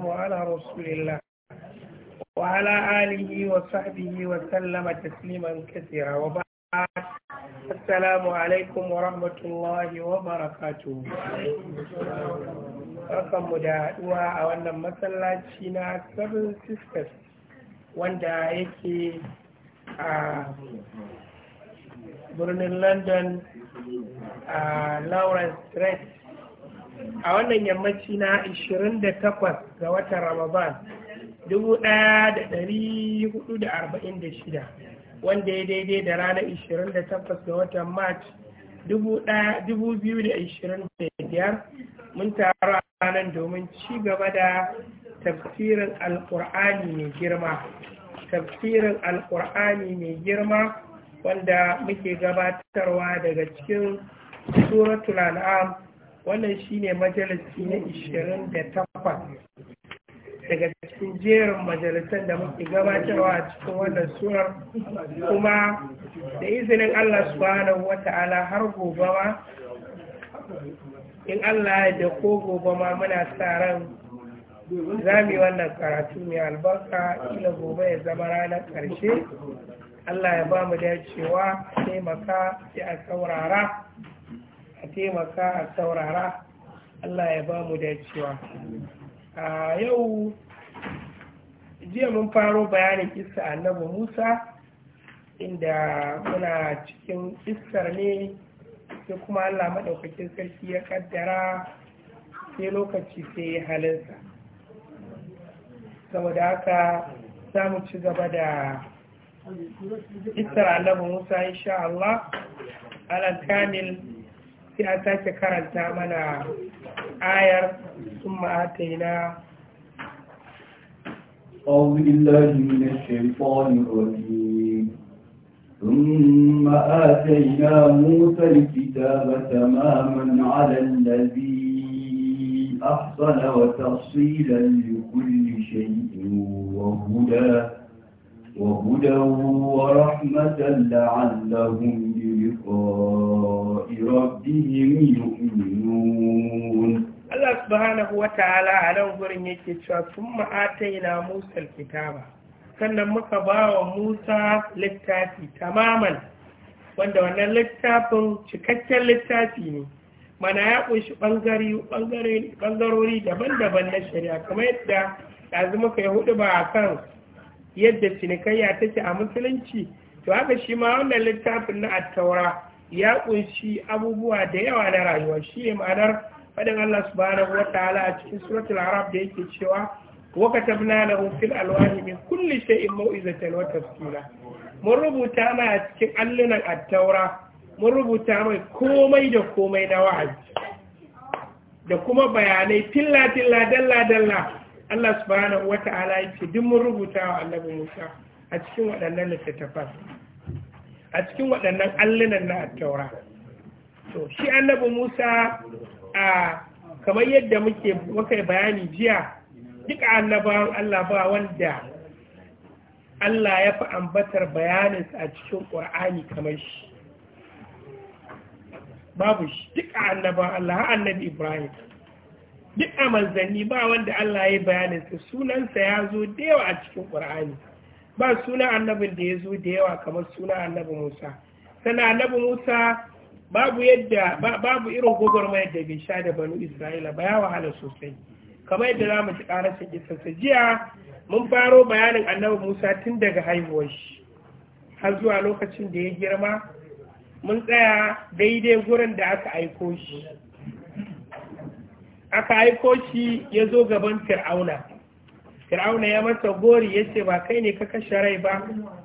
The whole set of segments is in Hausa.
وعلى رسول الله وعلى آله وصحبه وسلم تسليما كثيرا وبعد السلام عليكم ورحمة الله وبركاته Barkan mu da haɗuwa a wannan masallaci na Seven Sisters wanda yake a birnin London a Lawrence Street a wannan yammaci na 28 ga watan Ramadan 1446 wanda ya daidai da ranar 28 ga watan March 2025 mun taru a ranar domin ci gaba da tafsirin alkur'ani mai girma tafsirin alkur'ani mai girma wanda muke gabatarwa daga cikin suratul al'am wannan shine majalisi na 28 daga cikin jerin majalisar da muke gabatarwa a cikin wannan surar kuma da izinin Allah subhanahu wata'ala har gobe ma in Allah ya da ko gobe ma muna sa ran za mu yi wannan karatu mai albarka ila gobe ya zama ranar karshe Allah ya ba mu dacewa taimaka sai a saurara taimaka a saurara Allah ya ba mu dacewa a yau jiya mun faro bayanin a annabi musa inda muna cikin kisar ne sai kuma allah maɗaukakin sarki ya kaddara sai lokaci sai ya halinsa saboda haka za mu ci gaba da a annabi musa insha allah alal kamil sai a sake karanta mana ayar sun ma'ata na أعوذ بالله من الشيطان الرجيم ثم آتينا موسى الكتاب تماما على الذي أحصل وتفصيلا لكل شيء وهدى وهدى ورحمة لعلهم allah subhanahu يؤمنون الله سبحانه yake cewa sun ma'ataina Musa kitaba sannan muka ba wa Musa littafi tamaman wanda wannan littafin cikakken littafi ne mana ya ƙunshi ɓangarori daban-daban na shari'a kamar yadda ɗazu muka yi hudu ba a kan yadda cinikayya take a musulunci to haka shi ma wannan littafin na attaura ya kunshi abubuwa da yawa na rayuwa shi ne ma'anar faɗin Allah subhanahu wa ta'ala a cikin suratul arab da yake cewa wa katabna lahu fil alwahi min kulli shay'in maw'izatan wa tafsila mun rubuta mai a cikin allunan attaura mun rubuta mai komai da komai na wa'azi da kuma bayanai filla filla dalla dalla Allah subhanahu wa ta'ala yake duk mun rubuta wa annabi Musa a cikin waɗannan littattafan a cikin waɗannan allunan na taura to shi annabi musa a kamar yadda muke muka bayani jiya duka annabawan allah ba wanda allah ya fi ambatar bayaninsa a cikin qur'ani kamar shi babu shi duka annabawan allah har annabi ibrahim duk a manzanni ba wanda allah ya yi bayaninsa sunansa ya zo da yawa a cikin qur'ani. ba suna annabin da ya zo da yawa kamar suna annabi musa sannan annabi musa babu yadda babu irin gwagwarmayar da bai sha da banu isra'ila ba ya wahala sosai kamar yadda za mu ci ƙarashin isarsa jiya mun faro bayanin annabi musa tun daga haihuwar shi har zuwa lokacin da ya girma mun tsaya daidai gurin da aka aiko shi aka aiko shi ya zo gaban fir'auna fir'auna ya masa gori ya ce ba kai ne ka kashe rai ba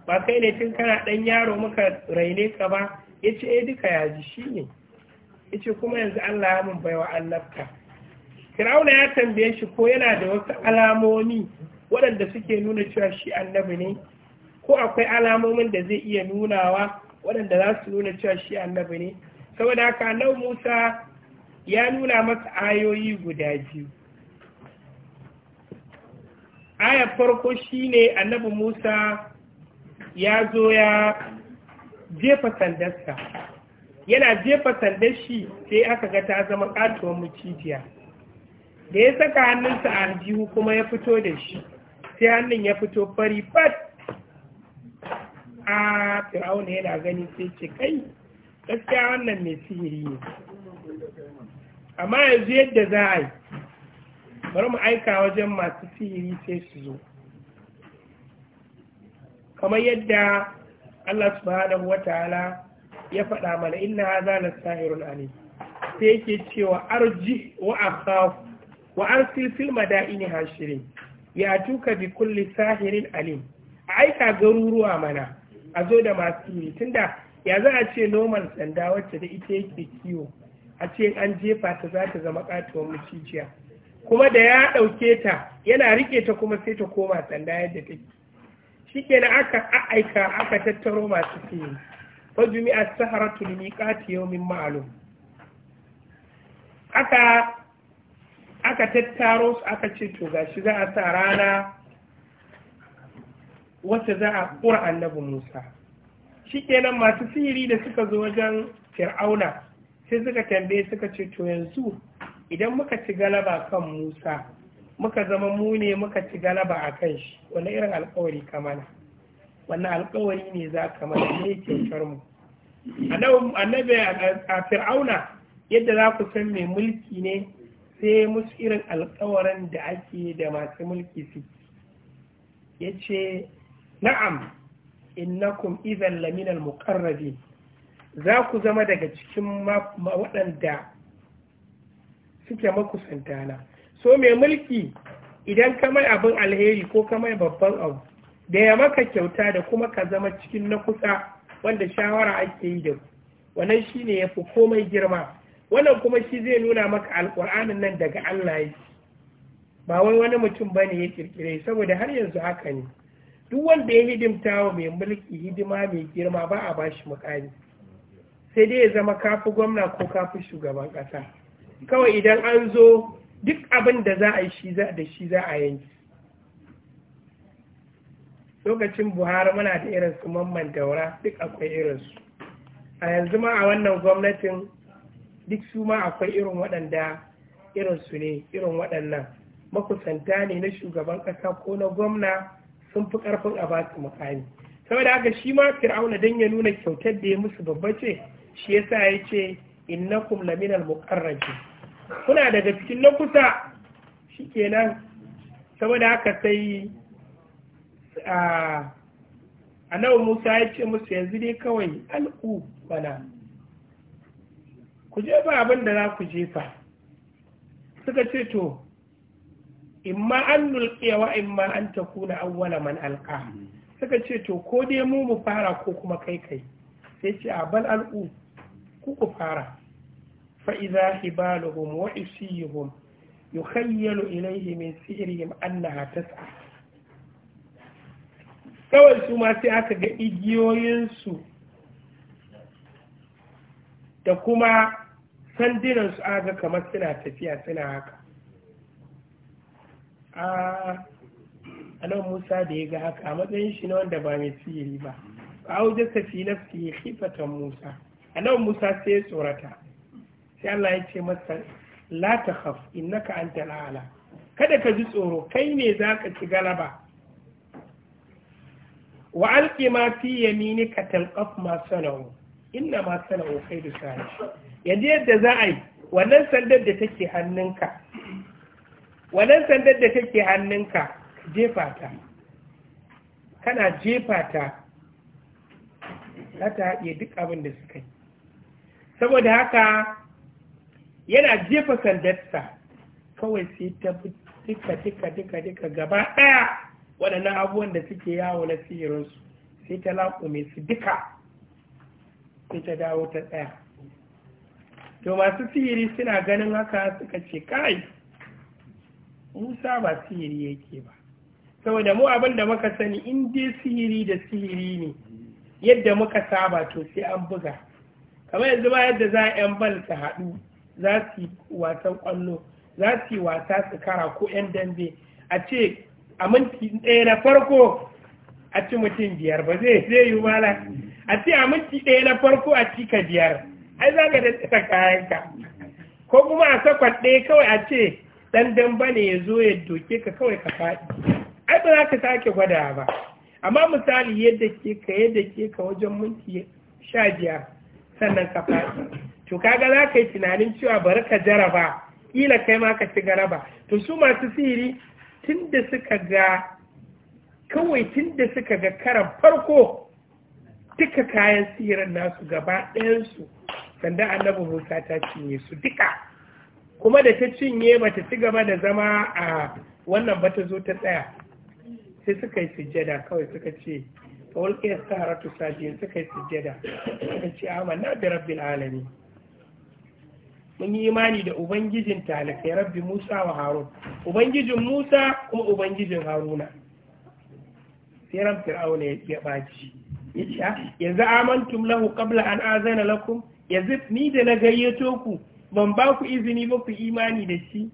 ba kai ne tun kana ɗan yaro muka raine ka ba ya ce eh duka ya ji shi ne ya ce kuma yanzu allah ya mun baiwa annabta fir'auna ya tambaye shi ko yana da wasu alamomi waɗanda suke nuna cewa shi annabi ne ko akwai alamomin da zai iya nunawa waɗanda za su nuna cewa shi annabi ne saboda haka annabi musa ya nuna masa ayoyi guda biyu aya farko shine annabi Musa ya zo ya jefa sandarsa yana jefa sandar shi sai aka ga ta zama katuwar mucijiya da ya saka hannunsa a aljihu kuma ya fito da shi sai hannun ya fito fari fat a fir'auna yana gani sai ce kai gaskiya wannan mai sihiri ne amma yanzu yadda za a yi bari mu aika wajen masu sihiri sai su zo kamar yadda Allah subhanahu wataala ya faɗa mana inna na sahirun ali sai yake cewa arji wa akhaf wa arsil fil madaini hashirin ya tuka bi kulli sahirin alim a aika garuruwa mana a zo da masu sihiri tunda ya za a ce noman sanda wacce da ita yake kiwo a ce an jefa ta za ta zama katuwar mucijiya kuma da ya ɗauke ta yana rike ta kuma sai ta koma sanda yadda take shi kenan aka aika aka tattaro masu fiye fajumi a saharatul miƙati yawmin ma'alum aka aka tattaro su aka ce to shi za a sa rana wacce za a ƙura annabi Musa shi kenan masu sihiri da suka zo wajen fir'auna sai suka tambaye suka ce to yanzu idan muka ci galaba kan musa muka zama mu ne muka ci galaba a kan shi wani irin alkawari kamana. Wani wannan alkawari ne za ka mana ne kyautar mu annabi a fir'auna yadda za ku san mai mulki ne sai musu irin alkawarin da ake da masu mulki su ya ce na'am innakum idan laminal muƙarrabi za ku zama daga cikin waɗanda suke makusantana so mai mulki idan ka mai abin alheri ko ka mai babban abu da ya maka kyauta da kuma ka zama cikin na kusa wanda shawara ake yi da wannan ne ya fi komai girma wannan kuma shi zai nuna maka alƙur'anin nan daga Allah yake ba wai wani mutum ba ne ya kirkire saboda har yanzu haka ne duk wanda ya hidimta wa mai mulki hidima mai girma ba a bashi mukami sai dai ya zama kafi gwamna ko kafi shugaban ƙasa kawai idan an zo duk abin da za a yi shi za a yanki lokacin buhari muna da irin su mamman daura duk akwai irinsu a yanzu ma a wannan gwamnatin duk su ma akwai irin waɗanda irinsu ne irin waɗannan makusanta ne na shugaban ƙasa ko na gwamna sun fi ƙarfin a ba su mukami saboda haka shi ma fir'auna don ya nuna kyautar da ya musu babba ce shi yasa ya ce innakum laminal muqarrabin kuna daga cikin na kusa shi nan saboda haka sai a nawa Musa ya ce musu yanzu dai kawai al'u bana ku jefa abin da za ku jefa suka ce to imma an nulkewa wa imma an takuna awwala man alka suka ce to ko dai mu mu fara ko kuma kai kai sai ce a bal al'u ku ku fara فإذا حبالهم وعصيهم يخيل إليه من سحرهم أنها تسعى kawai su ma sai aka ga igiyoyinsu da kuma sandinansu aga kamar suna tafiya suna haka a nan musa da ya ga haka a matsayin shi na wanda ba mai sihiri ba ba auje tafi na fiye musa a nan musa sai ya tsorata sai Allah ya ce masa la takhaf innaka anta a'la kada ka ji tsoro kai ne zaka ci galaba wa alqi ma fi yaminika talqaf ma sanau inna ma sanau kaidu sani yanzu yadda za a yi wannan sandar da take hannunka wannan sandar da take hannunka jefa ta kana jefa ta za ta haɗe duk abin da suka yi saboda haka yana jefa sandarsa kawai sai ta duka duka duka duka gaba ɗaya waɗannan abubuwan da suke yawo na sihirinsu sai ta laƙume su duka sai ta dawo ta tsaya to masu sihiri suna ganin haka suka ce kai musa ba sihiri yake ba saboda mu abin da muka sani in dai sihiri da sihiri ne yadda muka saba to sai an buga kamar yanzu ba yadda za a yan bal su haɗu za su yi wasan kwallo za su yi wasa su kara ko 'yan dambe a ce a minti ɗaya na farko a ci mutum biyar ba zai zai yi mala a ce a minti ɗaya na farko a ci ka biyar ai za ka kayan kayanka ko kuma a sakon ɗaya kawai a ce ɗan damba ne ya zo ya doke ka kawai ka faɗi ai ba za ka sake gwada ba amma misali yadda ke ka yadda ke ka wajen minti sha biyar sannan ka faɗi to kaga za ka yi tunanin cewa bari ka jaraba ƙila kai ma ka ci garaba to su masu sihiri tun da suka ga kawai tun da suka ga karan farko duka kayan sihirin nasu gaba ɗayansu sanda annabi musa ta cinye su duka kuma da ta cinye ba ta ci gaba da zama a wannan ba ta zo ta tsaya sai suka yi sujjada kawai suka ce ta walƙiyar saharatu suka yi sujjada suka ce amanna da rabbil alamin mun yi imani da ubangijin talakai rabbi musa wa harun ubangijin musa kuma ubangijin haruna sai ran fir'auna ya ɓaci ah, yanzu amantum lahu qabla an azana lakum yanzu ni da na gayyato ku ban ba ku izini ba ku imani da shi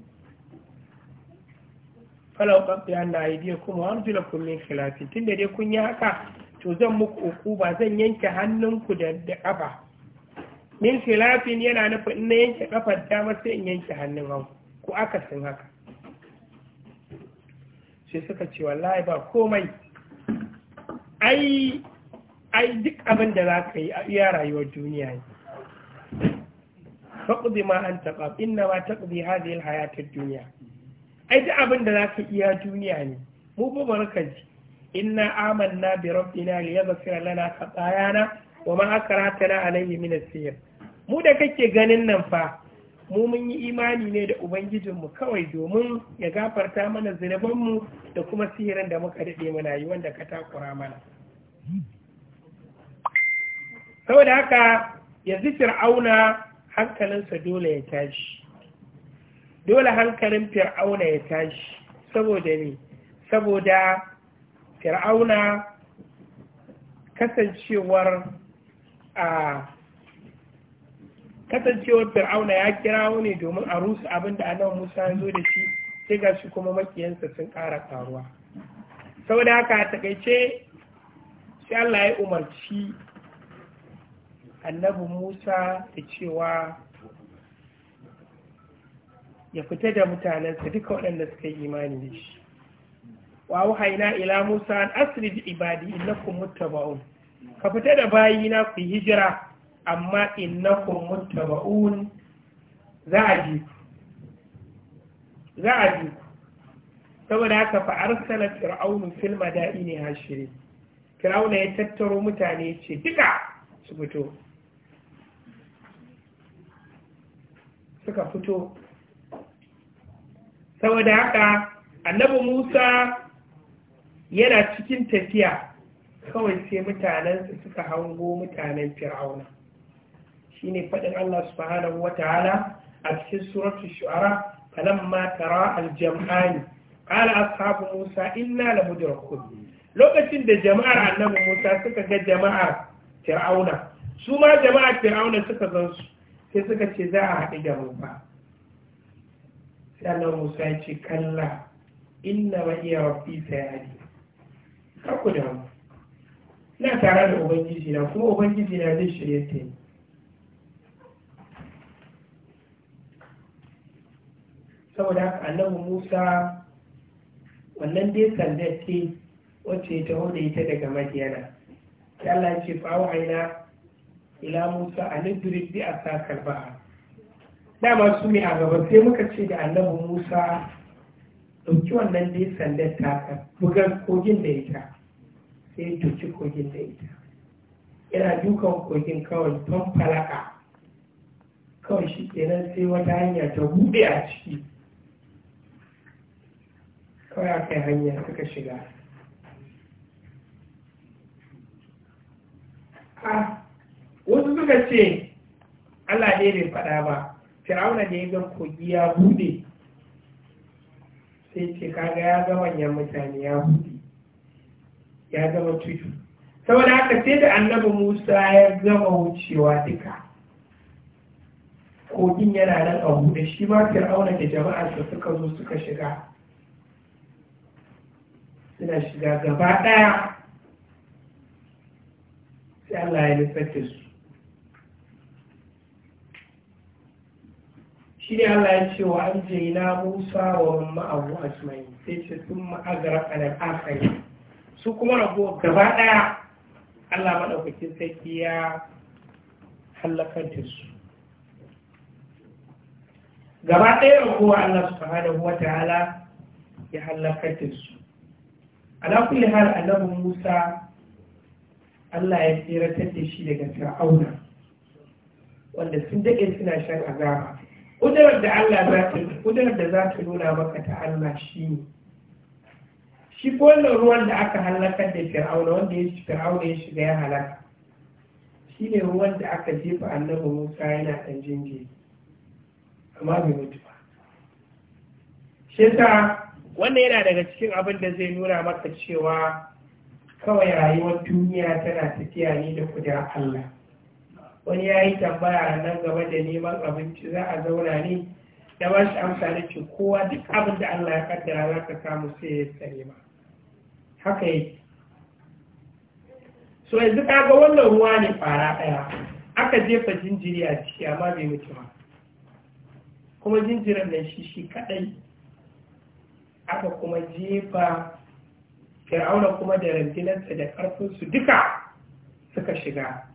falau qabla an idiya kuma arjulakum min khilafin tunda dai kun yi haka to zan muku uku ba zan yanke hannunku da da ƙafa min filafin yana nufin in na yanke kafar dama sai in yanke hannun hau ko akasin haka sai suka ce wallahi ba komai ai ai duk abin da za ka yi a iya rayuwar duniya ne faƙuɗi ma an taɓa inna ma taƙuɗi hazil hayatar duniya ai duk abin da za ka iya duniya ne mu ba ji. inna amanna bi rabbina li yaghfira lana khatayana wa ma akratana alayhi min as-sir mu da kake ganin nan fa mu mun yi imani ne da ubangijinmu kawai domin ya gafarta mana zunubanmu da kuma sihirin da muka daɗe mana yi wanda ka takura mana saboda haka yanzu fir'auna hankalinsa dole ya tashi dole hankalin fir'auna ya tashi saboda ne saboda fir'auna kasancewar a kasancewar fir'auna ya kirawo ne domin a rusa abin da annabi Musa ya zo da shi sai ga shi kuma makiyansa sun ƙara karuwa saboda haka a takaice sai Allah ya umarci annabi Musa da cewa ya fita da mutanensa duka waɗanda suka yi imani da shi wa wahaina ila Musa an asri bi ibadi innakum muttaba'un ka fita da bayina ku hijira amma innakum muttaba'un za a ji za a ji saboda haka fa arsala fir'aunu fil madaini hashirin fir'auna ya tattaro mutane ce duka su fito suka fito saboda haka annabi Musa yana cikin tafiya kawai sai mutanensa suka hango mutanen fir'auna ne faɗin Allah subhanahu wa ta'ala a cikin suratul shu'ara falamma tara al-jam'ani qala ashabu Musa inna la mudrakun lokacin da jama'ar annabi Musa suka ga jama'ar Fir'auna su ma jama'ar Fir'auna suka zan su sai suka ce za a haɗu da mu fa sai annabi Musa ya ce kalla inna ma iya rabbi sayadi ka ku da mu na tare da ubangiji na kuma ubangiji na zai shirya ta yi saboda haka annabi musa wannan dai sanda ce wacce ya taho da ita daga madiyana sai allah ce fawo aina ila musa a nidiri bi a sakar ba. dama su mai a gaba sai muka ce da annabi musa ɗauki wannan dai sandar ka buga kogin da ita sai ya doki kogin da ita yana dukan kogin kawai don falaka kawai shi kenan sai wata hanya ta buɗe a ciki kawai a kai hanya suka shiga a wasu suka ce allah ne bai faɗa ba firauna da ya ga kogi ya bude sai ce kaga ya ga manyan mutane ya bude ya gama tudu saboda haka sai da annabi musa ya gama wucewa duka kogin yana nan a bude shi ma fir'auna da jama'arsa suka zo suka shiga suna shiga gaba ɗaya sai Allah ya nufar da su shi ne Allah ya ce wa an je na musa wa ma'abu sumayi sai ce sun ma'agara da ƙasari. su kuma rago gaba ɗaya Allah maɗaukakin sarki ya hallakar da su gaba ɗaya ragowa Allah subhanahu wata ta'ala ya hallakar da su ala kulli hal annabi Musa Allah ya tsiratar da shi daga Fir'auna wanda sun dake suna shan azaba kudurar da Allah za ta kudurar da za ta nuna maka ta Allah shi ne shi ko ruwan da aka halaka da Fir'auna wanda ya Fir'auna ya shiga ya halaka shi ne ruwan da aka jefa annabi Musa yana kan jinjiri amma bai mutu ba shi ta wannan yana daga cikin abin da zai nuna maka cewa kawai rayuwar duniya tana tafiya ne da kudin Allah wani ya yi tambaya a nan gaba da neman abinci za a zauna ne da ba shi amsa da ke kowa duk abin da Allah ya kaddara za ka samu sai ya tsare ma haka yi so yanzu ka ga wannan ruwa ne fara daya aka jefa jinjiri a ciki amma bai mutu ba kuma jinjirin nan shi shi kaɗai aka kuma jefa fir'auna kuma da rantinarsa da ƙarfinsu duka suka shiga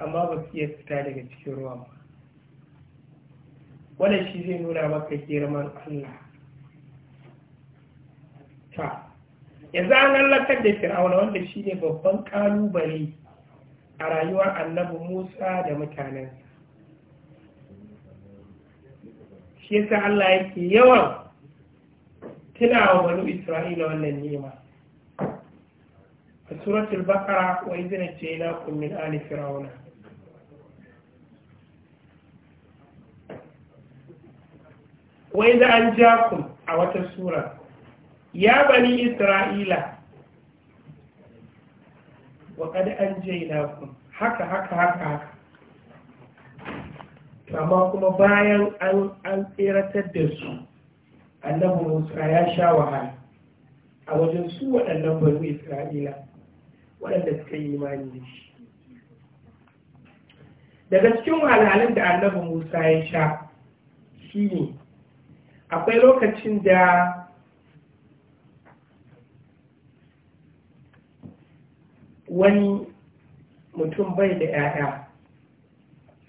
amma ba su iya fita daga cikin ruwan ba wannan shi zai nuna maka girman allah ta yanzu an lallatar da fir'auna wanda shi ne babban kalubale a rayuwar annabi musa da mutanensa shi yasa allah yake yawan Kina wa banu isra'ila wannan nema a suratul baqara wa izina ce na min ali fir'auna wa iza an jakum a wata sura ya bani isra'ila wa kad an jainakum haka haka haka haka amma kuma bayan an tsiratar da su annabi musa ya sha wahala a wajen su waɗannan banu isra'ila waɗanda suka yi imani da shi daga cikin wahalhalun da annabi musa ya sha shi ne akwai lokacin da wani mutum bai da 'ya'ya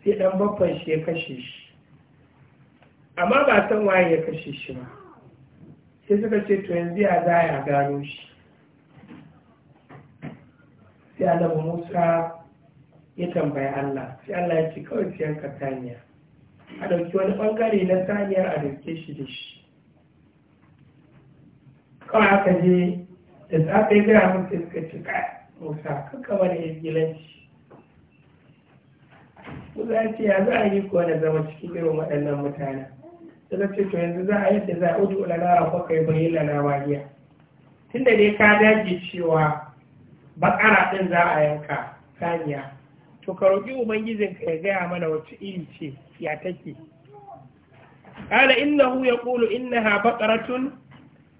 sai ɗan babban shi ya kashe shi amma ba san waye ya kashe shi ba sai suka ce to yanzu ya za ya gano shi sai annabi musa ya tambaya allah sai allah ya ce kawai siyan yanka saniya a ɗauki wani ɓangare na saniyar a dauke shi da shi kawai aka je da safe gaya mun sai suka ce kai musa kakka wani izgilanci musa ya ce ya za a yi kuwa na zama cikin irin waɗannan mutanen sai to yanzu za a yadda za a udu lana rabu ka yi bayyana na wariya Tunda dai ka dage cewa bakara ɗin za a yanka saniya to ka roƙi ubangijin ka ya gaya mana wacce iri ce ya take ƙala inna hu ya ƙulu inna ha bakaratun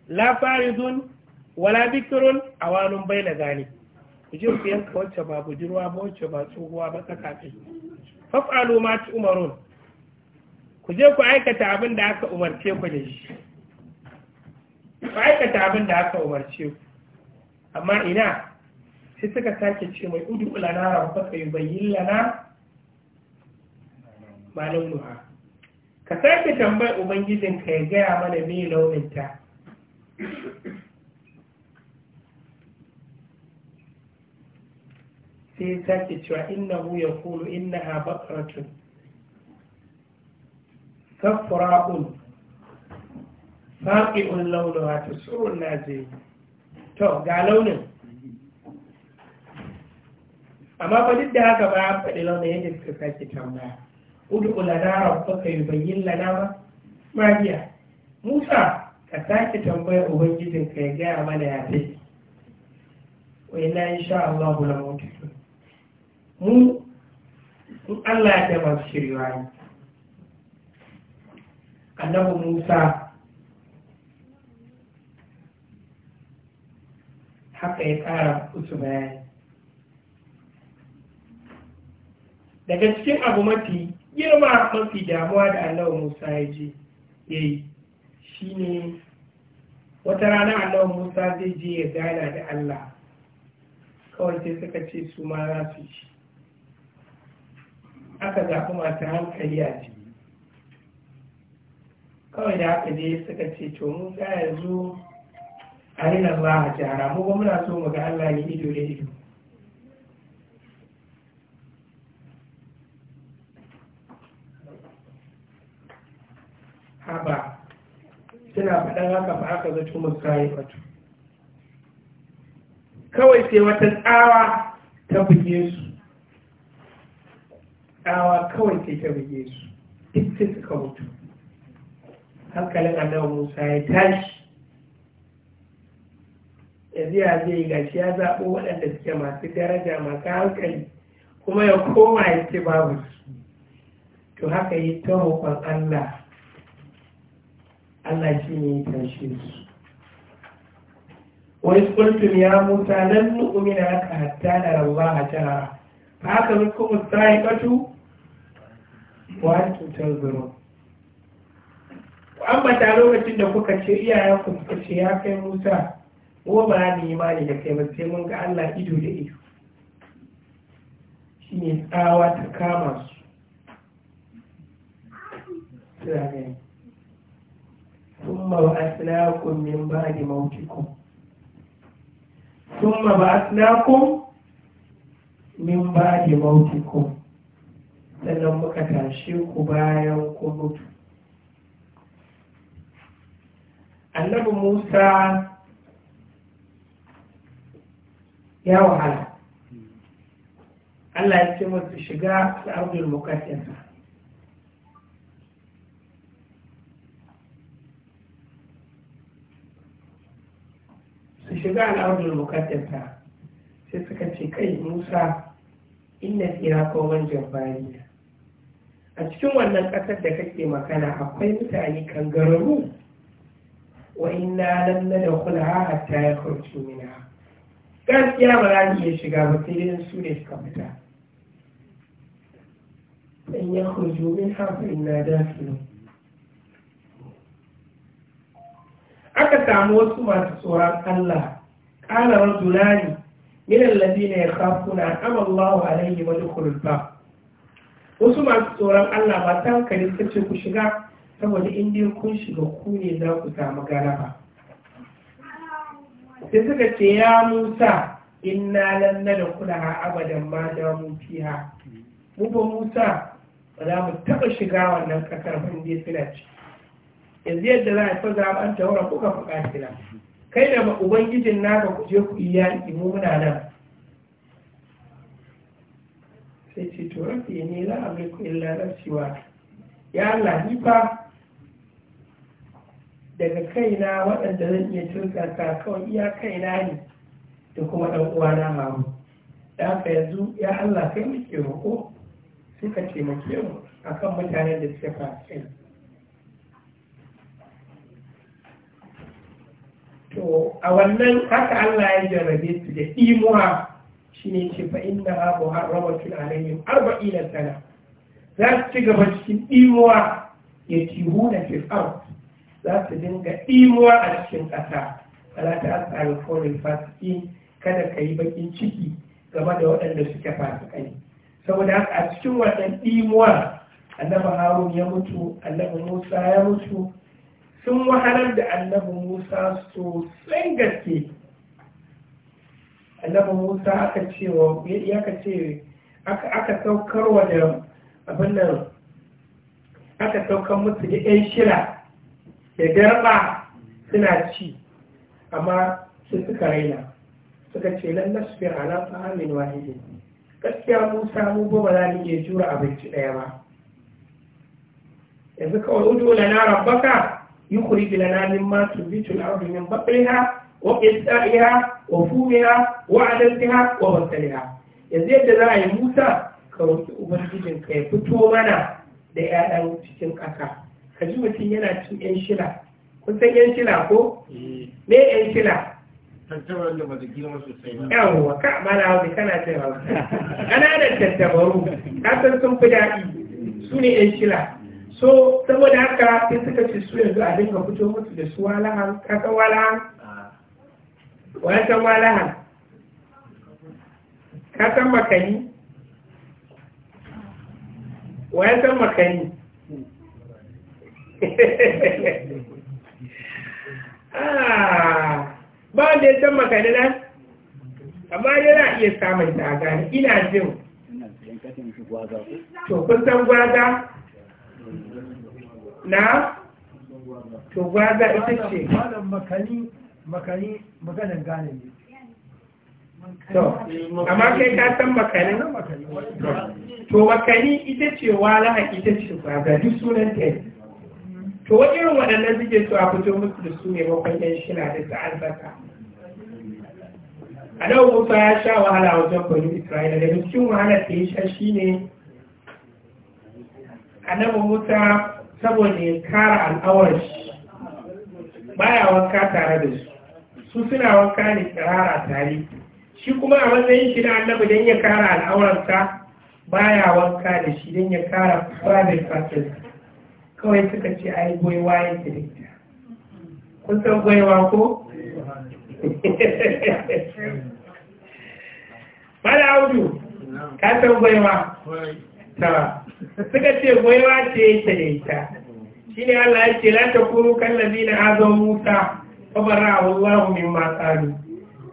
la faridun wala bikirun a wani bai na gani ku ku yanka wacce ba bujirwa ba wacce ba tsohuwa ba tsakafi fafalo ma ci umarun ku je ku aikata abin da aka umarce ku da shi ku aikata abin da aka umarce ku amma ina sai suka sake ce mai udu lana rabbaka yubayyin lana malin duha ka sake tambayar ubangijinka ya gaya mana me launinta sai sake cewa hu ya kulu ha bakaratun safra'un faqi'un launuha tasurun naziri to ga launin amma ba duk da haka ba a faɗi launin yadda suka sake tambaya udu lana rabbaka yubayyin lana ba magiya musa ka sake tambayar ubangijin ka ya gaya mana ya fi Allah la mutu mu in Allah ya masu shirya annabi musa haka ya ƙara musu bayani daga cikin abu mafi girma mafi damuwa da annabi musa ya je ya yi shi ne wata rana annabi musa zai je ya gana da allah kawai sai suka ce su ma za su ci aka zaɓi masu hankali a ciki kawai da haka je suka ce to mun ga yanzu a rina ba a jara mu ba muna so mu ga Allah ne ido da ido haba suna faɗan haka ba aka zato mu kayi wato kawai sai wata tsawa ta buge su tsawa kawai sai ta buge su duk sai suka mutu hankalin annabi musa ya tashi yanzu ya zai gashi ya zaɓo waɗanda suke masu daraja masu hankali kuma ya koma ya ce babu to haka yi ta roƙon allah allah shi ne ya tashe su ya وإذ da rabuwa a لن نؤمن Haka حتى kuma الله جهرا ƙatu wa cutar zuru ambata lokacin da kuka ce iyayen ku suka ce ya kai musa ko ba ni imani da kai ba sai mun ga allah ido da ido shi ne tsawa ta kama su ثم بعثناكم من بعد موتكم min ba da mautiku. sannan muka tashe ku bayan ku mutu annabi musa ya wahala Allah ya ce masu shiga al'adul mukaddasa su shiga al'adul mukaddasa sai suka ce kai musa inna tsira koman jabbariya a cikin wannan ƙasar da kake magana akwai mutane kangararru wa inna ندخلها حتى يخرجوا منها كانت gaskiya ba يشيغا shiga ba يخرجوا su فإنا suka fita aka samu wasu masu tsoron Allah qala rajulani min alladhina yakhafuna amma alayhi wa dukhulul bab wasu masu tsoron Allah ba ta ku shiga saboda in kun shiga ku ne za ku samu garaba sai suka ce ya musa inna lan da kula a abadan ma da mu fiha mu ba musa ba za mu taɓa shiga wannan ƙasar ban suna ci yanzu yadda za a fa za an taura ka faɗa sila kai da ubangijin naka ku je ku yi yaƙi mu muna nan sai ce to rafi ne mai ku illa nafsi ya Allah ni fa daga kaina waɗanda zan iya turkanta kawai iya kaina ne da kuma ɗan uwana mamu da aka yanzu ya Allah kai muke roƙo suka taimake mu kan mutane da suka fasai to a wannan haka Allah ya jarrabe su da imuwa shine ce fa inna ha muharramatun alaihim arba'ina sana za su ci gaba cikin imuwa ya tihuna fil ardh za su dinga ɗimuwa a cikin ƙasa ala ta asali kore fasiki kada ka yi bakin ciki game da waɗanda suke fasikai saboda haka a cikin waɗan ɗimuwa annabi harun ya mutu annabi musa ya mutu sun wahalar da annabi musa sosai gaske annabi musa aka ce wa aka ce aka saukarwa da abin nan aka saukar musu da 'yan shira da garba suna ci amma sun suka raina suka ce su fi ala tsamin wahidi gaskiya mu samu ba ba za mu iya jura abinci ɗaya ba yanzu kawai na na rabbaka yukhrij lana mimma tubitu al-ardu min ha wa qithaiha wa ha wa ha wa ha yanzu yadda za a yi musa ka wuce ubangijin ka ya fito mana da 'ya'yan cikin ƙasa Kaji ji mutum yana cin yan shila kun san yan shila ko eh. me yan shila Yawon da ba ka mana kana ƙananan tattabaru ka san sun fi daɗi su ne yan shila so haka sai suka ce su yanzu a dinga fito musu da su walahan ka walahan ah. makani ba wanda ya san makarina amma dai za a iya samun ta ina jin to kun san gwaza na to gwaza ita ce makani makani maganin gane ne to amma kai ka san makani to makani ita ce walaha ita ce gwaza duk sunan ta to wani irin waɗannan suke so a fito musu da su ne makon shina da an zaka a nan musa ya sha wahala wajen bani isra'ila da cikin wahala ta yi sha shi ne A annabi musa saboda ya kara al'awar shi baya wanka tare da su su suna wanka ne tsirara tare shi kuma a matsayin shi na annabi don ya kara al'awarsa baya wanka da shi don ya kara private practice kawai suka ce ai gwaiwa ya ita. kun san gwaiwa ko mala audu ka san gwaiwa ta suka ce gwaiwa ce yake da ita shi ne Allah ya ce lati ta kuru kallabi na azon musa a wallahu min ma qalu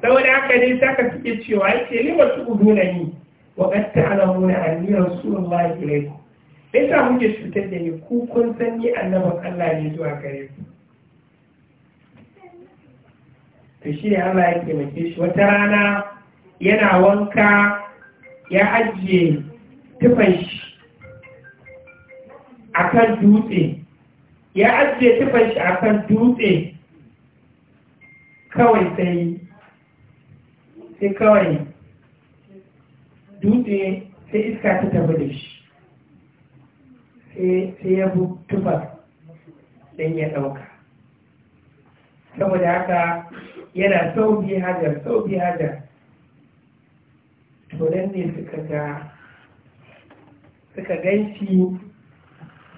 saboda haka dai saka suke cewa yake liwa su uduna ni wa su Allah ya ke laiku me yasa muke cutar da ni ku kun san ni annaban Allah ne zuwa gare ku to shi ne Allah ya taimake shi wata rana yana wanka ya ajiye tufan shi a kan dutse ya ajiye tufan shi a kan dutse kawai sai sai kawai dutse sai iska ta tafi da shi sai ya bu tufar don ya ɗauka saboda haka yana sau biyu hajar sau biyu hajar to nan ne suka ga suka gan shi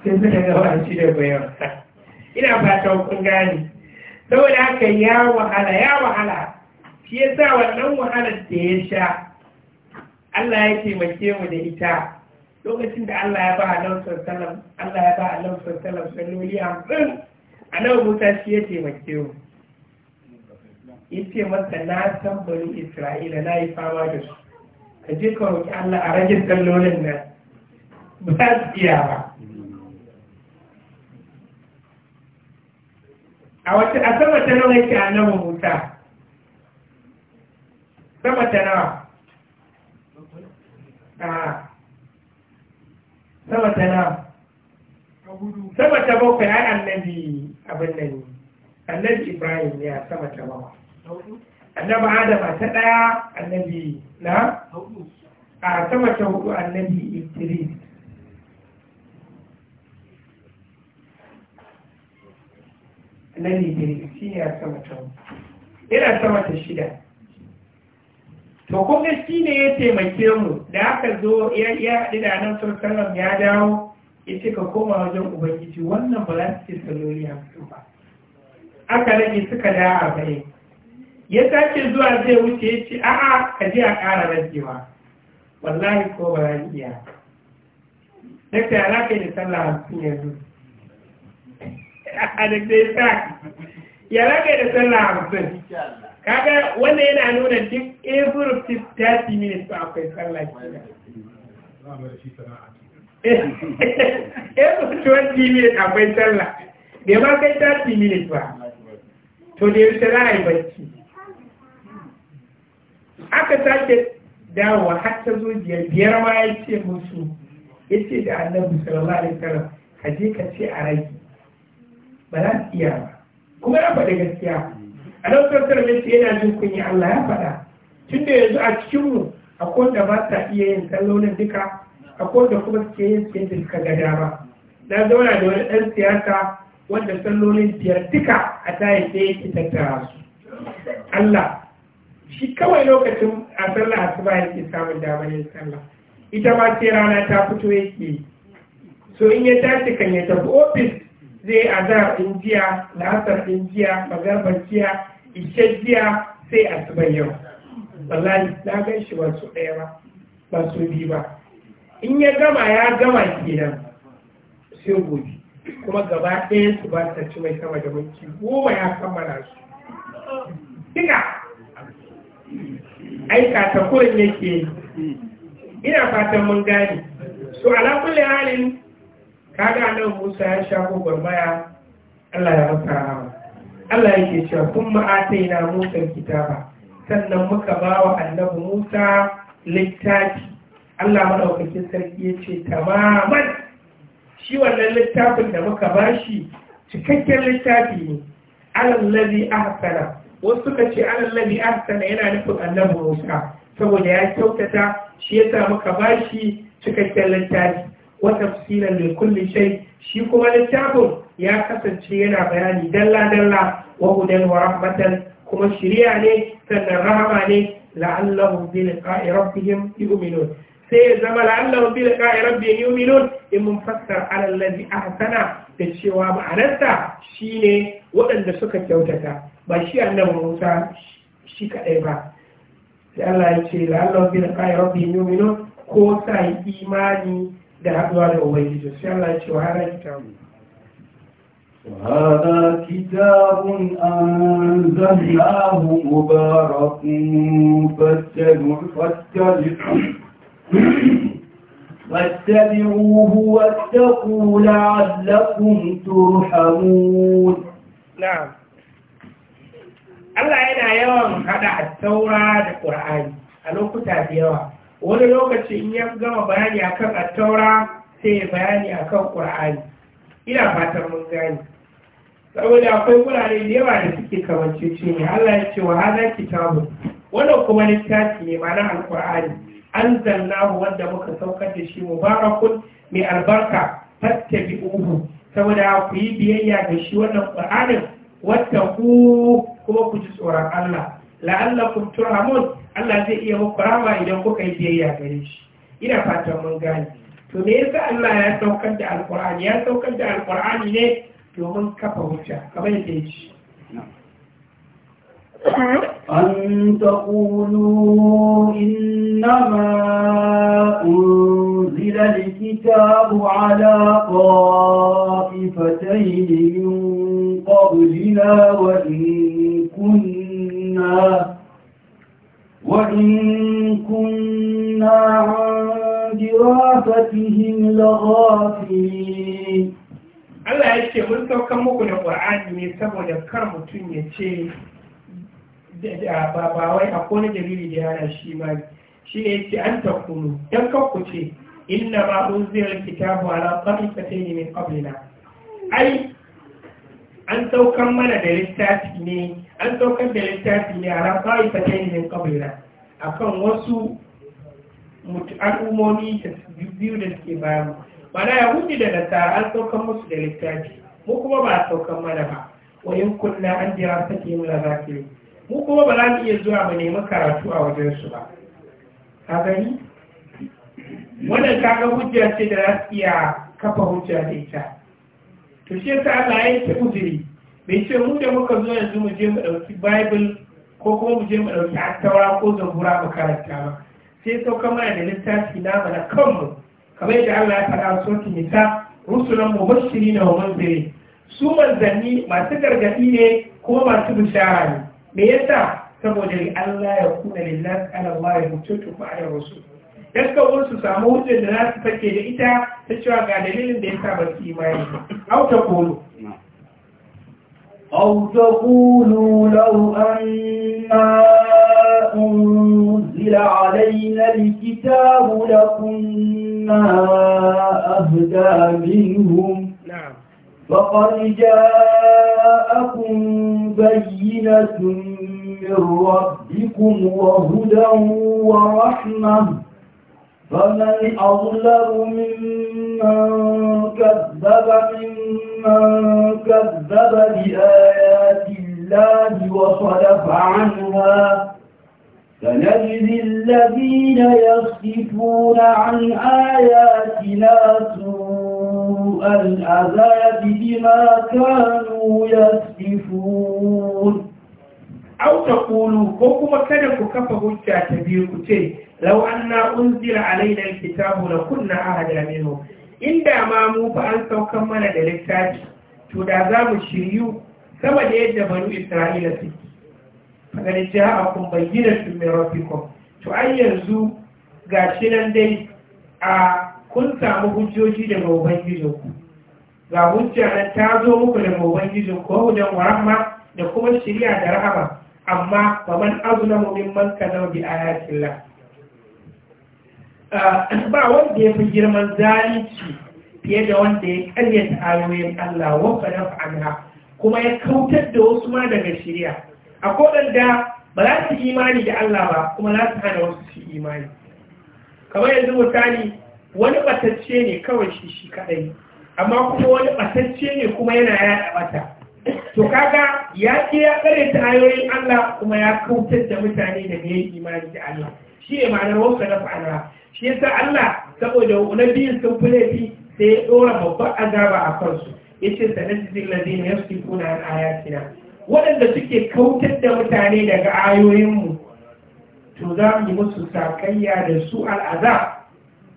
sai suka ga wani shi da bayan ina fatan kun gani saboda haka ya wahala ya wahala shi ya sa wannan wahalar da ya sha Allah ya taimake mu da ita lokacin da Allah ya ba a lausar salam, Allah ya ba a Annabi a salloli a nan Musa shi ya taimake mu yace masa na san bari Isra'ila na yi fama da su ka je ka roƙi Allah a rage sallolin nan ba su iya ba a wata a sama ta nawa yake nan Musa sama ta nawa ah. sama ta na sama ta bakwai ai annabi abin nan annabi ibrahim ya sama ta bakwai annabi adam ta ɗaya annabi na a sama ta hudu annabi idris annabi idris shi ne a sama ta hudu yana sama ta shida to kuma shi ne ya taimake mu da aka zo ya haɗu da nan sarkarar ya dawo ya ce ka koma wajen ubangiji wannan ba za su ce saloli hamsin ba aka rage suka da bai ya sake zuwa zai wuce ya ce a'a ka je a ƙara rajewa wallahi ko ba za iya dakta ya kai da sallah a cikin yanzu a dakta ya sa ya kai da sallah a cikin kaga wanda yana nuna duk every 30 minutes ba akwai sallah kina eh, every 20 minutes akwai sallah bai ma kai 30 minutes ba to da yaushe za a yi bacci aka sake dawowa har ta zo biyar biyar ma ya ce musu ya ce da annabi sallallahu alaihi wasallam ka je ka ce a rai ba za su iya ba kuma ya faɗi gaskiya a nan minti mace yana jin kunya Allah ya faɗa tun da yanzu a cikinmu akwai da ba ta iya yin sallolin duka akwai da kuma suke yin su yadda suka ga dama na zauna da wani ɗan siyasa wanda sallolin biyar duka a tayin ya yake tattara su Allah shi kawai lokacin a sallah asuba yake samun damar yin sallah ita ma sai rana ta fito yake so in ya tashi kan ya tafi ofis zai azar in jiya la'asar injiya jiya magarbar jiya ishajjiya sai asuban yau wallahi na gan shi ba su ɗaya ba ba su bi ba in ya gama ya gama kenan sai gobe kuma gaba ɗaya su ba ta ci mai sama da mulki goma ya kammala su Diga. aika ta kurin yake ina fatan mun gane su ala halin kaga nan Musa ya sha gwagwarmaya Allah ya masa Allah yake cewa kun ma'atai na Musa kitaba sannan muka ba wa annabi Musa littafi Allah maɗaukakin sarki ya ce tamaman shi wannan littafin da muka ba shi cikakken littafi ne alallazi ahsana wasu suka ce alallazi ahsana yana nufin annabi Musa saboda ya kyautata shi yasa muka ba shi cikakken littafi wa tafsilan li kulli shay shi kuma littafin ya kasance yana bayani dalla-dalla wa hudan wa rahmatan kuma shirya ne sannan rahama ne la'allahu bi liqa'i rabbihim yu'minun sai ya zama la'allahu bi liqa'i rabbihim yu'minun in mun fassara alal ladhi ahsana da cewa ma'anarta shine waɗanda suka kyautata ba shi annabi Musa shi kadai ba sai Allah ya ce la'allahu bi liqa'i rabbihim yu'minun ko sai imani da haɗuwa da ubangiji sai Allah ya ce wa haraji mu هذا كتاب أنزلناه مبارك فاتبعوه واتقوا لعلكم ترحمون نعم Allah yana yawan haɗa taura da ƙur'ani a lokuta da yawa wani lokaci in ya gama bayani akan taura sai bayani akan ƙur'ani ina fatar mun gani saboda akwai wurare da yawa da suke kamance ce ne Allah ya ce wa hada kitabu wannan kuma littafi ne mana na an anzalnahu wanda muka saukar da shi mubarakun mai albarka uhu. saboda ku yi biyayya ga shi wannan qur'anin wata ku kuma ku ji tsoron Allah la'allakum turhamun Allah zai iya muku rama idan kuka yi biyayya gare shi ina fatan mun gane to me yasa Allah ya saukar da Alƙur'ani? ya saukar da Alƙur'ani ne نعم۔ أن تقولوا إنما أنزل الكتاب على طائفتين من قبلنا وإن كنا وإن كنا عن دراستهم لغافلين Allah ya ce mun saukan muku da ƙwar'ani ne saboda kar mutum ya ce ba ba wai akwai wani dalili da yana shi ma shi ne ce an takunu dan kanku ce inna ma unzila kitabu ala qatatayn min qablina ai an saukan mana da littafi ne an saukan da littafi ne ala qatatayn min qablina akan wasu al'umomi da biyu da suke bayan mana yahudi da nasara an saukan musu da littafi mu kuma ba a saukan mana ba wayin kunna an jira sake yin zafi mu kuma ba za mu iya zuwa mu nemi karatu a wajen su ba ka gani wannan kaga hujja ce da za su iya kafa hujja da ita to shi yasa Allah ya yi uzuri bai ce mu da muka zo yanzu mu je mu ɗauki bible ko kuma mu je mu ɗauki attawa ko zabura mu karanta ba sai saukan mana da littafi na mana kanmu kamar yadda Allah ya faɗa suratul nisa rusulan mubashirina wa munzirin su manzanni masu gargaɗi ne kuma masu bishara ne me yasa saboda Allah ya kuna lillahi ala ya mutuntu ku Ya rasul dan kawai samu hujjar da za su fake da ita ta cewa ga dalilin da yasa ba su imani au ta kulu أو تقولوا لو أنا أنزل علينا الكتاب لكنا ما أهدى منهم نعم فقد جاءكم بينة من ربكم وهدى ورحمة فمن أظلم ممن كذب ممن كذب بآيات الله وصدف عنها فنجد الذين يصفون عن آياتنا سوء الأذاب بما كانوا يصفون أو تقولوا كوكما كان كفى هجة كتير لو أن أنزل علينا الكتاب لكنا أهدى منه inda ma mu fa an saukan mana da littafi to da za mu shiryu sama da yadda banu isra'ila suke magani ta a kun bayyana filmin rafikon to an yanzu ga shi nan dai a kun samu hujjoji daga ubangijinku ga hujja nan ta zo muku daga ubangijinku Ko hudan wa rahma da kuma shirya da rahama amma ba man azlamu mimman kana bi ayatillah ba wanda ya fi girman zalunci fiye da wanda ya karyata ayoyin Allah wa fa'anha kuma ya kautar da wasu ma daga shirya a da ba za su imani da Allah ba kuma za su hana wasu su imani kamar yanzu mutane wani batacce ne kawai shi shi kaɗai amma kuma wani batacce ne kuma yana yaɗa mata. to kaga ya ce ya tsare ta ayoyin Allah kuma ya kautar da mutane da bai imani da Allah shi ne ma'anar wasu na fa'ana shi yasa Allah saboda na biyun sun fi laifi sai ya ɗora babban azaba a kansu yace sanadin lazina yasfikuna kuna ayatina waɗanda suke kautar da mutane daga ayoyinmu to za mu yi musu sakayya da su al'aza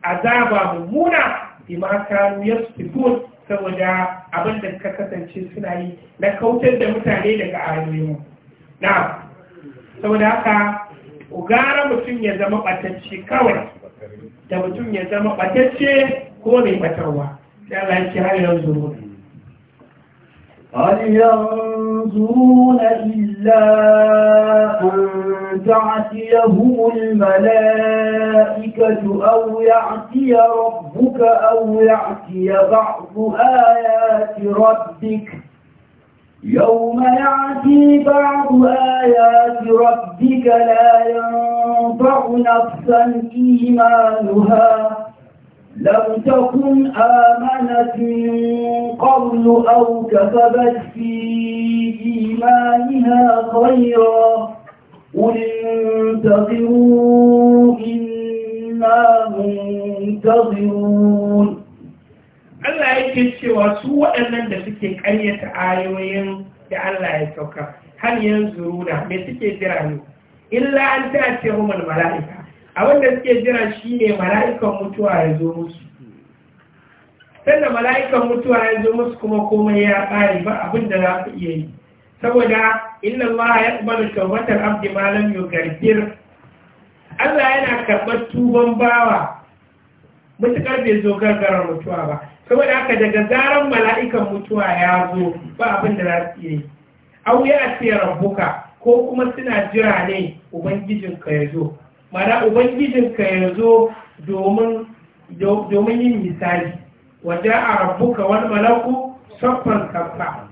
azaba mummuna bi ma kanu fito saboda abin da ka kasance suna yi na kautar da mutane daga ayoyinmu na saboda haka gara mutum ya zama ɓatacce kawai da mutum ya zama ɓatacce ko mai ɓatarwa sai Allah har yanzu هل ينظرون إلا أن تعتيهم الملائكة أو يعتي ربك أو يعتي بعض آيات ربك يوم يعتي بعض آيات ربك لا ينفع نفسا إيمانها لم تكن آمنت من قبل أو كسبت في إيمانها خيرا قل انتظروا إنا منتظرون Allah yake cewa su waɗannan da suke ƙaryata ayoyin da Allah ya sauka har yanzu runa mai suke jira ne illa an ta ce humul mala'ika abin da suke jira shi ne mala'ikan mutuwa ya zo musu da mala'ikan mutuwa ya zo musu kuma komai ya ƙare ba abin da za su iya yi saboda inna Allah ya kubalu tawbatar abdi malam yau gargir Allah yana karɓar tuban bawa mutuƙar bai zo gargara mutuwa ba saboda haka daga zaran mala'ikan mutuwa ya zo ba abin da za su iya yi auya a ce rabbuka ko kuma suna jira ne ubangijinka ya zo mana ubangijinka ya zo domin yin misali wajen a rabbuka wani malaku saffan kafa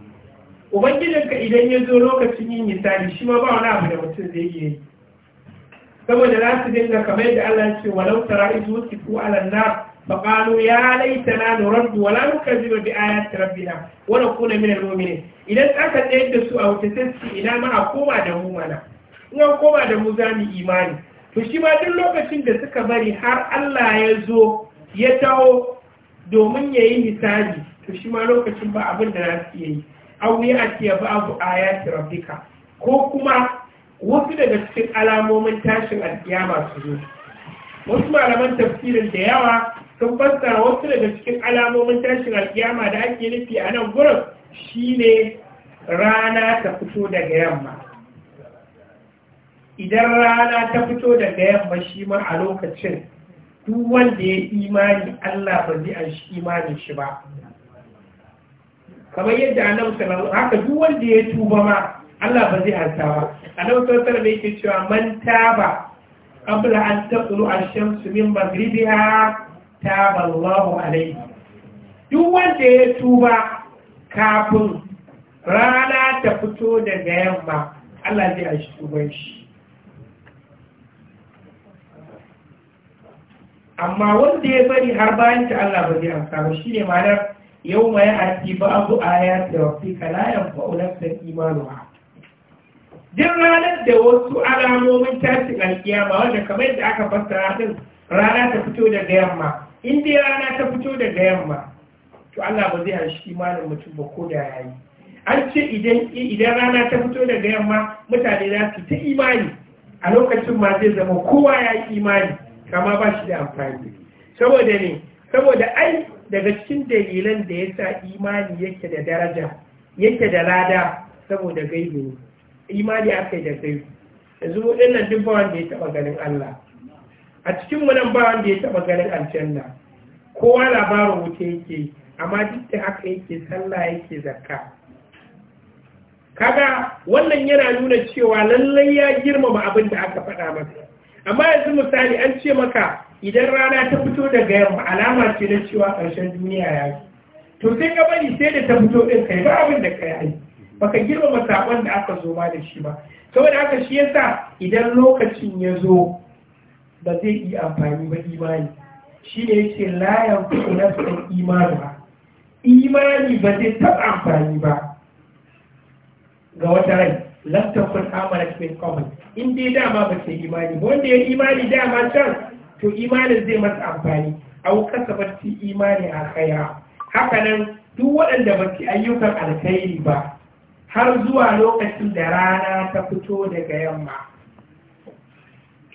ubangijinka idan ya zo lokacin yin misali shi ma ba wani abu da mutum zai yi saboda za su dinga kamar yadda Allah ce walau tara izu wukifu alan nar فقالوا يا ليتنا ta rabbi نكذب بآيات kuna ونكون من المؤمنين idan aka tsayar da su a wuce sai ina ma a koma da mu mana in an koma da mu za mu imani to shi ma duk lokacin da suka bari har Allah ya zo ya taho domin ya yi misali to shi ma lokacin ba abin da nasu yi aure a ce ba abu ayati rabbika ko kuma wasu daga cikin alamomin tashin alkiyama su zo wasu malaman tafsirin da yawa sun fassara wasu daga cikin alamomin tashin alkiyama da ake nufi a nan gurin shine rana ta fito daga yamma idan rana ta fito daga yamma shi ma a lokacin duk wanda ya imani Allah ba zai an shi imanin shi ba kamar yadda annabi sallallahu haka duk wanda ya tuba ma Allah ba zai ansa ba annabi sallallahu alaihi yake cewa man taba qabla an taqulu ash-shamsu min maghribiha taba Allahu alaihi duk wanda ya tuba kafin rana ta fito daga yamma Allah zai a shi tuban shi amma wanda ya bari har bayan ta Allah ba zai amsa ba shine ma'anar yau ma ya arti ba abu ayat da wafi kalayan fa'ulan san imanuwa din ranar da wasu alamomin tashin ba wanda kamar yadda aka fassara din rana ta fito daga yamma in dai rana ta fito daga yamma to Allah ba zai harshe imanin mutum ba ko da yayi an ce idan rana ta fito daga yamma mutane za su ta imani a lokacin ma zai zama kowa ya yi imani kama ba shi da amfani saboda ne saboda ai daga cikin dalilan da ya sa imani yake da daraja yake da lada saboda gaibi ne imani akai da gaibi yanzu mu nan duk ba wanda ya taba ganin Allah a cikin mu nan ba wanda ya taba ganin aljanna kowa labarin wuce yake amma duk da haka yake sallah yake zakka kaga wannan yana nuna cewa lallai ya girmama abin da aka faɗa masa amma yanzu misali an ce maka idan rana ta fito daga yamma alama ce na cewa ƙarshen duniya ya yi to sai ka bari sai da ta fito ɗin kai ba abin da kai ai baka girmama saƙon da aka zo ma da shi ba saboda haka shi yasa idan lokacin ya zo ba zai yi amfani ba imani shi ne yake layan kunafin imani ba imani ba zai taɓa amfani ba ga wata rai lam takun amalat kawai in dai dama ba ta imani ba wanda ya imani dama can to imanin zai masa amfani aw kasabat imani a kaya hakanan duk waɗanda ba su ayyukan alkhairi ba har zuwa lokacin da rana ta fito daga yamma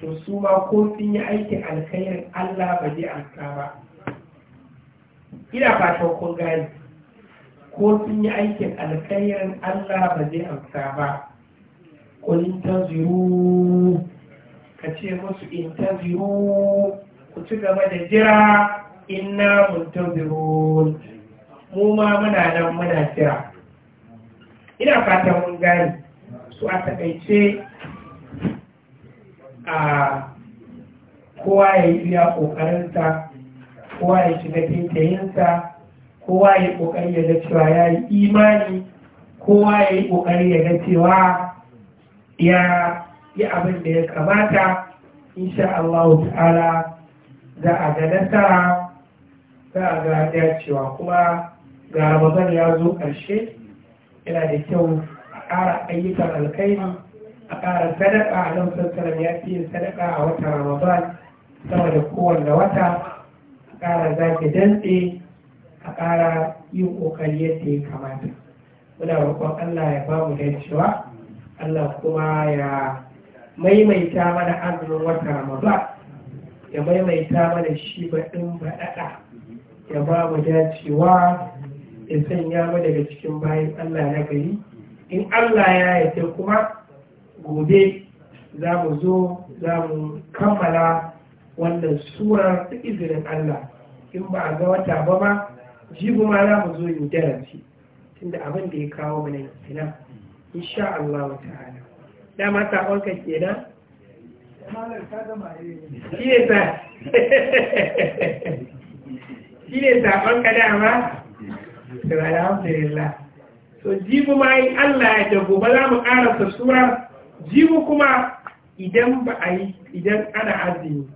to su ma ko sun yi aikin alkhairin Allah ba zai alka ba ina fata kun ko sun yi aikin alkhairin Allah ba zai amsa ba ƙulin taziru ka ce musu in taziru ku ci gaba da jira inna muntazirun mu ma muna nan muna jira ina fatan mun gani su a takaice a kowa ya yi iya ƙoƙarinsa kowa ya shiga taitayinsa kowa ya yi ƙoƙari ya ga cewa ya yi imani kowa ya yi ƙoƙari ya ga cewa ya yi abin da ya kamata insha Allah ta'ala za a ga nasara za a ga dacewa kuma ga ramadan ya zo ƙarshe yana da kyau a ƙara ayyukan alkaini a ƙara sadaka a nan sassanar ya fi yin sadaka a wata ramadan sama da kowanne wata a ƙara zaki dantse a ƙara yin ƙoƙari yadda ya kamata muna roƙon Allah ya ba mu dacewa Allah kuma ya maimaita mana azumin wata Ramadan ya maimaita mana shi baɗin baɗaɗa ya ba mu dacewa ya sanya mu daga cikin bayan Allah na gari in Allah ya yarda kuma gobe za mu zo za mu kammala wannan surar da izinin Allah in ba a ga wata ba ma jibi ma za mu zo yi darasi tunda abin da ya kawo mana ina. insha Allah wa ta'ala dama sakon ka kenan shi ne sa shi ne sakon ka dama to alhamdulillah so jibu ma yi Allah ya gobe za mu karasa sura jibu kuma idan ba a yi idan ana azumi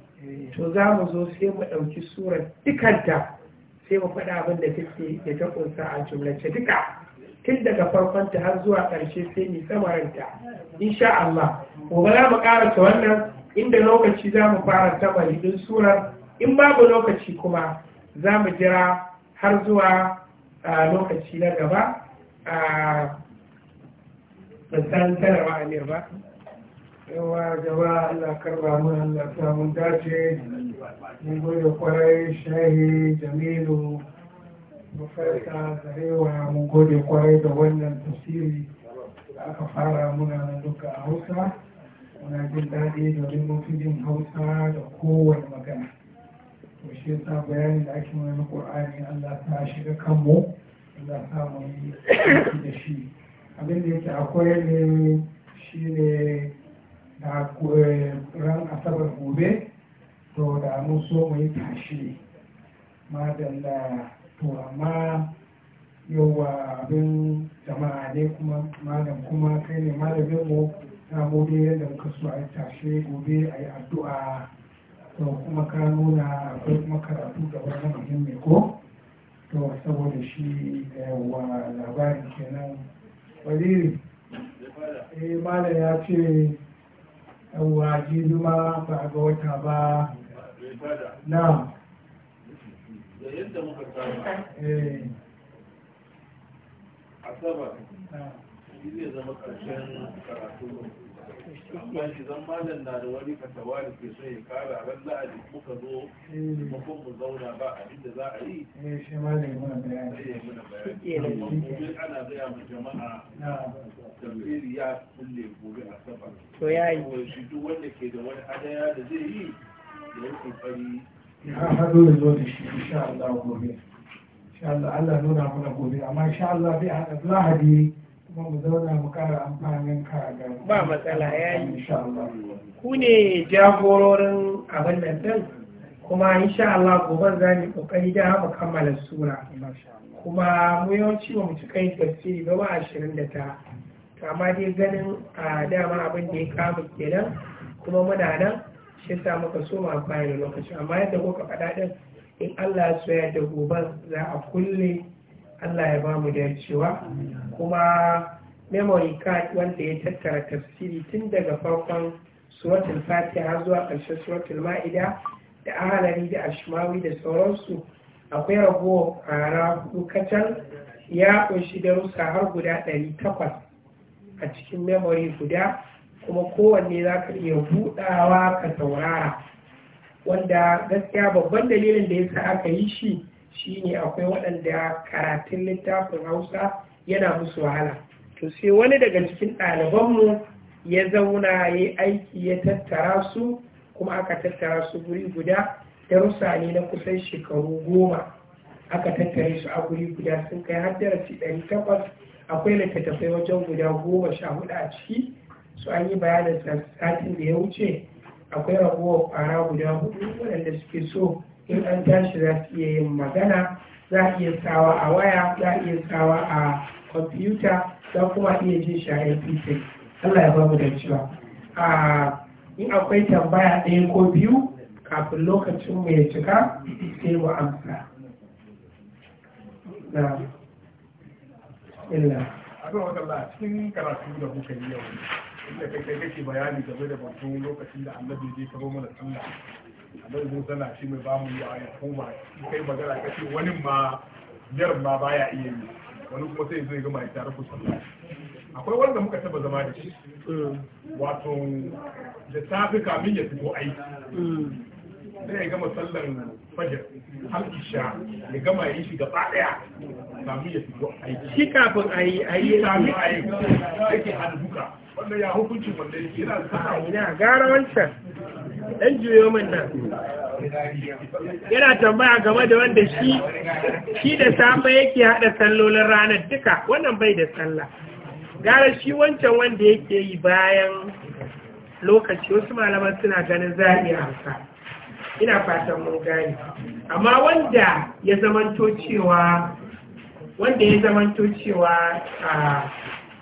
to za mu zo sai mu ɗauki surar dukanta sai mu faɗa abin da take ya ta ƙunsa a jumlace duka tun daga farkonta har zuwa ƙarshe sai mai samaranta insha Allah gobe za mu karanta wannan inda lokaci za mu fara tamari din surar in babu lokaci kuma za mu jira har zuwa lokaci na gaba ban san sanarwa amir ba yawa gaba Allah karba mu Allah samun dace ne gode kwarai shahi jamilu mafarka zarewa mun gode kwarai da wannan tafsiri da aka fara muna duka a hausa muna jin daɗi domin mun jin hausa da kowane magana to shi yasa bayani da ake mana na ƙur'ani allah ta shiga kanmu allah ta mu yi da shi abin da yake akwai ne shi ne da eh, ran asabar gobe to da mun so mu yi tashi madalla to amma yawa abin jama'a ne kuma malam kuma kai ne malamin mu ta gobe yadda muka so a yi tashe gobe a yi addu'a to kuma ka nuna akwai kuma karatu da wani muhimmi ko to saboda shi da yawa labari kenan waliri eh mala ya ce yawa jiduma ba ga wata ba na da yadda muka saba eh. asabar shi zai zama ƙarshen karatu amma shi zan malam na da wani fatawa da ke so ya kara ran la'adi muka zo eh. maimakon mu zauna ba abinda za a yi eh, sai ya muna bayani ana gaya ma jama'a tafsiri ya kulle gobe asabar to ya yi shi duk wanda ke da wani hadaya da zai yi da ya kokari ya haɗo ya zo da shi insha Allah gobe insha Allah Allah nuna mana gobe amma insha Allah bai haɗa lahadi kuma mu zauna mu ƙara amfanin ka ga ba matsala ya yi insha Allah ku ne jagororin abin nan din kuma insha Allah gobe za mu kokari da mu kammala sura kuma mu yawanci ba mu cika yin tafsiri ba ba ashirin da ta amma dai ganin a dama abin da ya kama kenan kuma muna nan shi sa muka soma a bayan lokaci amma yadda kuka faɗa ɗin in Allah su ya da gobe za a kulle Allah ya ba mu da cewa kuma memory card wanda ya tattara tafsiri tun daga farkon suratul fatiha zuwa ƙarshe suratul ma'ida da ahalari da ashmawi da sauransu akwai rago a rahu kacal ya ƙunshi darussa har guda ɗari takwas a cikin memory guda kuma kowanne za ka iya buɗawa ka saurara wanda gaskiya babban dalilin da ya sa aka yi shi shine akwai waɗanda karatun littafin hausa yana musu wahala to sai wani daga cikin ɗalibanmu ya zauna ya yi aiki ya tattara su kuma aka tattara su guri guda darussa ne na kusan shekaru goma aka tattare su a guri guda sun kai har darasi ɗari takwas akwai littattafai wajen guda goma sha hudu a ciki su an yi bayanin satin da ya wuce akwai raguwar fara guda hudu waɗanda suke so in an tashi za su iya yin magana za a iya sawa a waya za a iya sawa a kwamfuta za kuma iya jin shi a mp allah ya bamu da cewa in akwai tambaya ɗaya ko biyu kafin lokacin mu ya cika sai mu amsa na illa a cikin karatu da kuka yi yau inda kai kai kake bayani game da batun lokacin da annabi zai karo mana sallah annabi musa na shi mai bamu ya ya koma kai magana kace wani ma biyar ma baya iya yi wani kuma sai zai gama ya tare ku sallah akwai wanda muka taba zama da shi mm. wato da safi kamin ya fito aiki mm. sai ya gama sallar fajar har isha ya gama yi shi gaba daya kamin ya fito aiki shi kafin a yi a yi kamin ayi. yi yake hannuka wannan yana gara wancan dan juyo min nan yana tambaya game da wanda shi shi da safe yake hada sallolin ranar duka wannan bai da sallah gara shi wancan wanda yake yi bayan lokaci wasu malaman suna ganin za a iya hausa ina fatan mun gani amma wanda ya zamanto cewa wanda ya zamanto cewa a ah,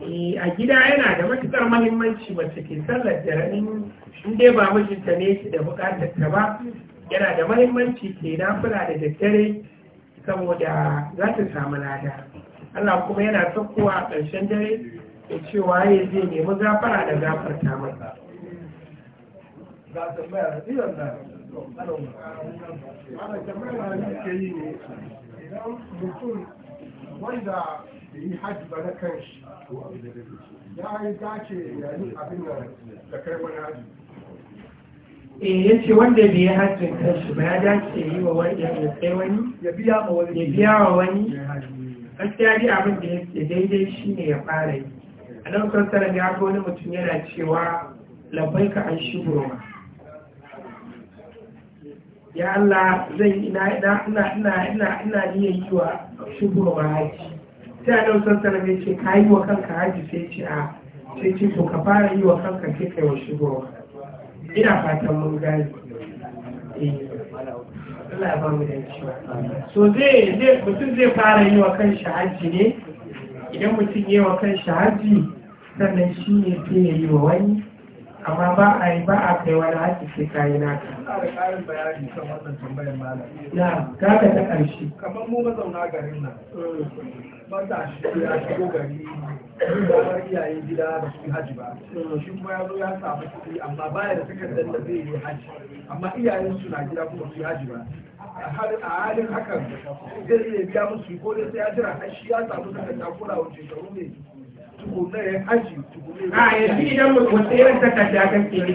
Eh, a gida yana da matukar mahimmanci mace ke sallar da in dai ba mijinta ne shi da bukatar ta ba yana da mahimmanci ke nafila da daddare saboda za ta samu lada Allah kuma yana saukowa a ƙarshen dare da cewa ya je nemi gafara da gafarta masa wanda da yi hajji ba na kan shi ya yi dace abin da kai wani hajji eh, ya ce wanda bai yi hajjin kanshi ba ya dace yi wa wani ya wani ya biya wani ya biya wa wani gaskiya dai abin da ya daidai shine ya fara yi a nan kan sanar ya ga wani mutum yana cewa labai ka an shi ya Allah zai ina ina ina ina ina niyyar yi wa shugurma sai a ɗau sassanin mai ce ka yi wa kanka haji sai ce a sai ce to ka fara yi wa kanka sai kai wa shigo ina fatan mun gani eh. so zai mutum zai fara yi wa kanshi haji ne idan mutum yi wa kanshi haji sannan shi ne sai ya yi wa wani amma ba a yi ba a kai wani haƙi sai ka yi naka. ƙarin bayani kan wannan tambayar malam. ta ta ƙarshe. Kamar mu mazauna garin nan. shi mm. ya shigo gari kamar iyayen gida da su haji ba. Mm. Shi kuma ya zo ya samu kuɗi amma baya da takardar da zai yi haji. Amma iyayen su na gida kuma su haji ba. a halin hakan zai iya biya musu ko dai sai ya jira har shi ya samu takarda ko da wace shekaru ne tukuna ya aji tukuna a yanzu idan wata irin ke ne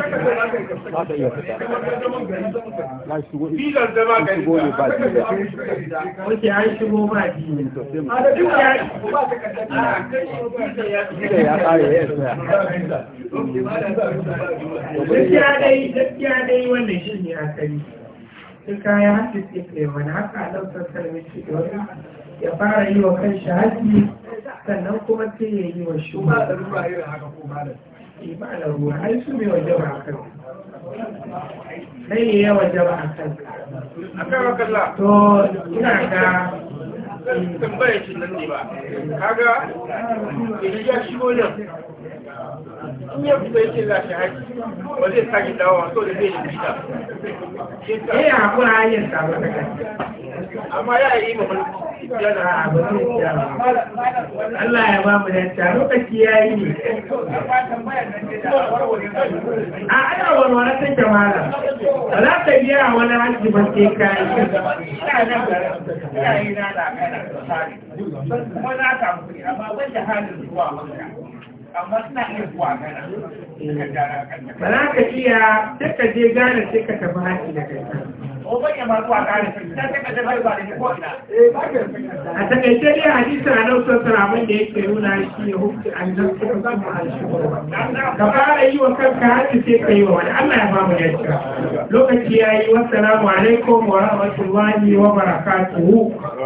na shigo filar shigo ba a da duk ya ba ya ya gaskiya dai gaskiya dai kaya hasis ya kai wani haka alaƙar sarmi ce ya fara yi wa kan shahadi sannan kuma sai ya yi wa shugaba da ruwa irin haka ko malam imanin eh, ruwa ai su mai wajaba a kan sai ya yi wajaba a kan to ina ga eh. tambayar shi nan ne ba kaga idan ya shigo nan in ya fito yake za shi haƙi ba zai sake dawowa so da zai yi fita eh akwai hanyar sabon da amma ya yi ma mulki ah, Allah ya ba mu danta lokaci ya yi ne a ana warware ta jama'a ba za ka biya wani hajji ba sai ka yi ina nan ina yi na da kana ko na ta amma ban da halin zuwa maka Bala ka iya ta ka je gane sai ka tafi haƙi da kai eh, a takaice dai hadisin a nan sosai abin da yake nuna shi ne hukunci an zan kuma a ma'ar ka fara yi wa kanka hannu sai ka yi wa wani allah ya ba mu yadda lokaci ya yi wassalamu alaikum wa rahmatullahi wa barakatuhu